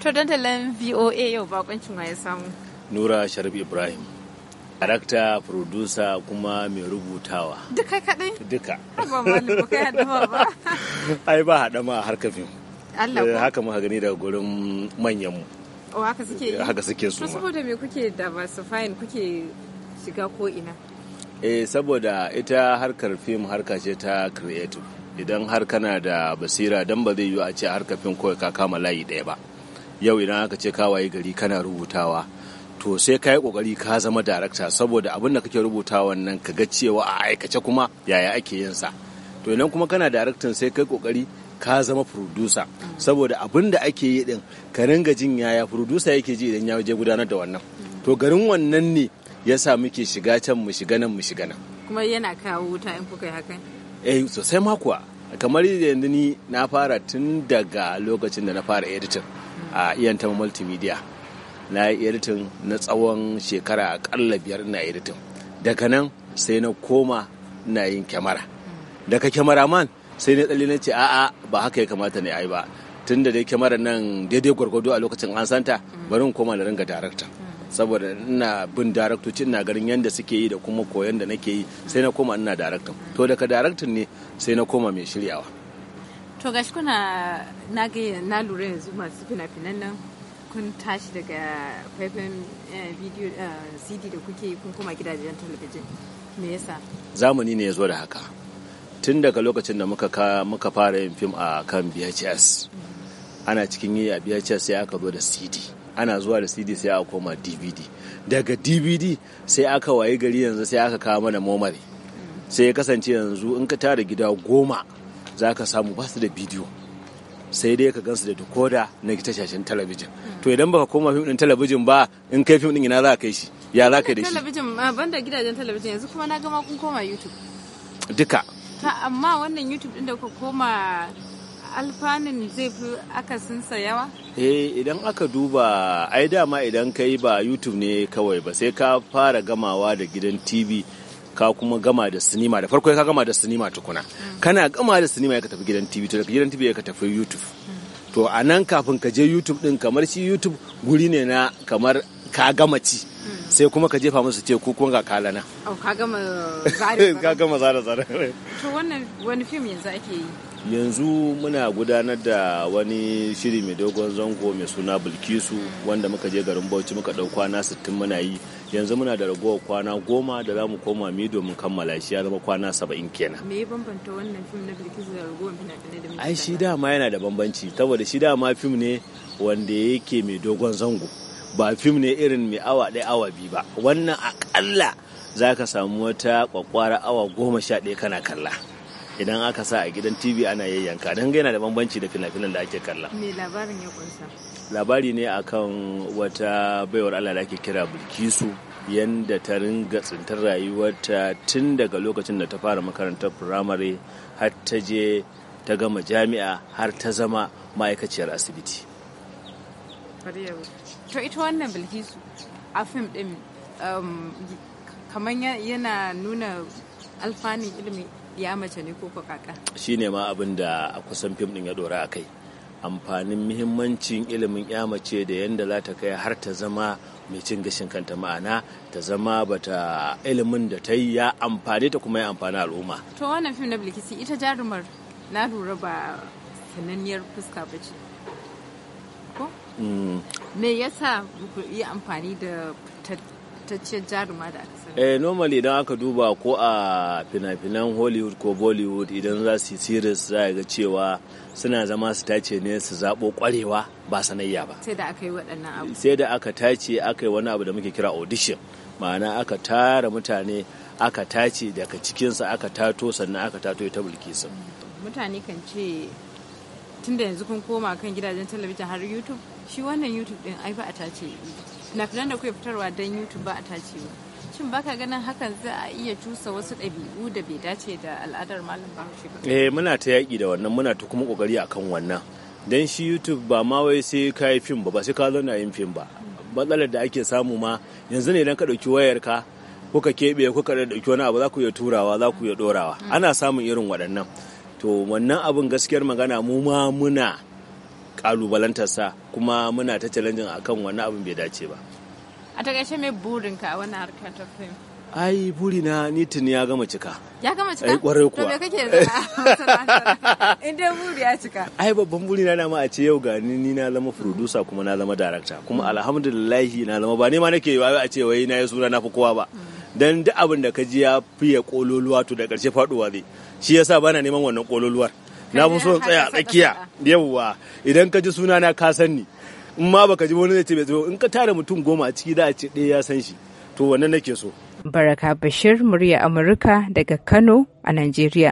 To dandalin VOA yau bakoncin ma ya samu. Nura Sharif Ibrahim. Arakta producer kuma mai rubutawa. Duka kaɗai? Duka. Ba kai haɗama ba. Ai ba haɗama a harka fim. Allah ko. Eh, haka muka gani daga gurin mu. O oh, haka suke yi? Eh, haka suke su ma. Saboda me kuke da masu fayin kuke shiga ko ina? Eh saboda ita harkar fim harka ce ta creative. Idan har kana da basira dan ba zai yiwu a ce harkar fim kawai ka kama layi ɗaya ba. yau idan aka ce ka waye gari kana rubutawa to sai ka yi kokari ka zama darakta saboda abin da kake rubutawa nan ka ga cewa a aikace kuma yaya ake yin sa to idan kuma kana daraktan sai kai kokari ka zama producer saboda abin da ake yi din ka ringa jin yaya producer yake ji idan ya je gudanar da wannan to garin wannan ne ya sa muke shiga can mu shiga nan mu shiga nan kuma yana kawo wuta in kuka yi hakan eh sosai ma kuwa kamar yanzu ni na fara tun daga lokacin da na fara editing a iyanta multimedia na yi editin na tsawon shekara akalla biyar na editin daga nan sai na koma na yin kyamara daga man sai na tsalle na ce a'a ba haka ya kamata ne ai ba tun da dai kyamara nan daidai gwargwado a lokacin an santa bari in koma na ringa darakta saboda ina bin daraktoci ina garin yadda suke yi da kuma koyon da nake yi sai na koma ina daraktan to daga daraktan ne sai na koma mai shiryawa to gashi kuna na gaya na lura yanzu masu fina-finan nan kun tashi daga faifin eh, bidiyo eh, cd da kuke kun koma gidajen talabijin me yasa zamani ne ya zo da haka tun daga lokacin da muka fara yin fim a kan VHS ana cikin yi a VHS sai aka zo da CD ana zuwa da CD sai aka koma DVD daga DVD sai aka wayi gari yanzu sai aka kawo mana momare sai ya kasance yanzu in ka tara gida goma za ka samu ba su da bidiyo sai dai ka gansu da decoder na shashen talabijin to idan baka koma fim din talabijin ba in kai fim din ina za ka kai shi ya za ka da shi talabijin ah, banda gidajen talabijin yanzu kuma na gama kun koma youtube duka ta amma wannan youtube din da ka koma alfanun zai fi akasinsa yawa eh idan aka duba ai dama idan kai ba youtube ne kawai ba sai ka fara gamawa da gidan tv ka kuma gama da sinima da farko ka gama da sinima tukuna kana gama da sinima ya ka tafi gidan tv to daga gidan tv ya ka tafi youtube to a nan kafin ka je youtube din kamar shi youtube guri ne na kamar ka gama ci sai kuma ka jefa musu ce ku kun ga kalana oh, au ka gama zare ka gama zare zare to wannan wani film yanzu ake yi yanzu muna gudanar da wani shiri mai dogon zango mai suna bulkisu wanda muka je garin bauchi muka dau kwana 60 muna yi yanzu muna da ragowar kwana goma da za mu koma mi domin kammala shi ya zama kwana saba'in kenan me ya bambanta wannan fim na bilkisu da ragowar fina-finai da ai shi dama yana da bambanci saboda shi ma fim ne wanda yake mai dogon zango ba fim ne irin mai awa ɗaya awa biyu ba wannan akalla za ka samu wata kwakwara awa goma sha ɗaya kana kalla idan aka sa a gidan tv ana yayyanka don yana da bambanci da fina-finan da ake kalla me labarin ya kunsa labari ne akan wata baiwar Allah da ake kira Bilkisu yanda ta ringa tsintar rayuwarta tun daga lokacin da ta fara makarantar firamare har ta je ta gama jami'a har ta zama ma'aikaciyar asibiti. To ita wannan Bilkisu a fim din um, kamar yana nuna alfanin ilimi ya mace ne ko kaka. Shi ne ma abin da a kusan fim din ya ɗora a kai. amfanin muhimmancin ilimin mace da yadda za ta kai har ta zama mai cin gashin kanta ma'ana ta zama bata ilimin da ta yi ya amfani ta kuma ya amfani al'umma. To wannan fim na Bilkisi ita jarumar na lura ba sananniyar fuska ba ce. Ko? Mm. Me yasa yi amfani da fitaccen jaruma da aka sani eh normally idan aka duba ko a fina-finan hollywood ko bollywood idan za su yi series za ga cewa suna zama su tace ne su zaɓo ƙwarewa ba sanayya ba sai da aka yi waɗannan abu sai da aka tace aka yi wani abu da muke kira audition ma'ana aka tara mutane aka tace daga cikinsa aka tato sannan aka tato ita bilkisu mutane kan ce tun da yanzu kun koma kan gidajen talabijin har youtube shi wannan youtube din ai ba a tace na finan da kuwa fitarwa don youtube ba a tace ba shin baka ganin hakan za a iya cusa wasu ɗabi'u da bai dace da al'adar malam bahaushe ba eh muna ta yaƙi da wannan muna ta kuma ƙoƙari akan wannan dan shi youtube ba ma wai sai ka yi fim ba ba sai ka na yin fim ba matsalar da ake samu ma yanzu ne idan ka ɗauki wayar wayarka kuka keɓe kuka ɗauki wani abu za ku iya turawa za ku iya ɗorawa mm. ana samun irin waɗannan to wannan abun gaskiyar magana mu ma muna kalubalantarsa kuma muna ta challenging akan wani abin bai dace ba a takaice mai burinka a wani harkar ta fim ai buri na ni tuni ya gama cika ya gama cika ai eh, kwarai kuwa to me kake yanzu in dai buri ya cika ai babban buri na ma a ce yau ga ni ni na zama producer kuma na zama director kuma mm. alhamdulillah na zama ba ne ma nake ba a ce wai na yi sura na fi kowa ba dan duk abin da ka ji ya fiye kololuwa to da karshe faduwa zai shi yasa bana neman wannan kololuwar na fi so tsaya a tsakiya yawwa idan ka ji suna na ka san ni in ma baka ji wani zai ce bai in ka tara mutum goma a ciki da a ce ɗaya ya san shi to wannan nake so Baraka Bashir murya Amurka daga Kano a Najeriya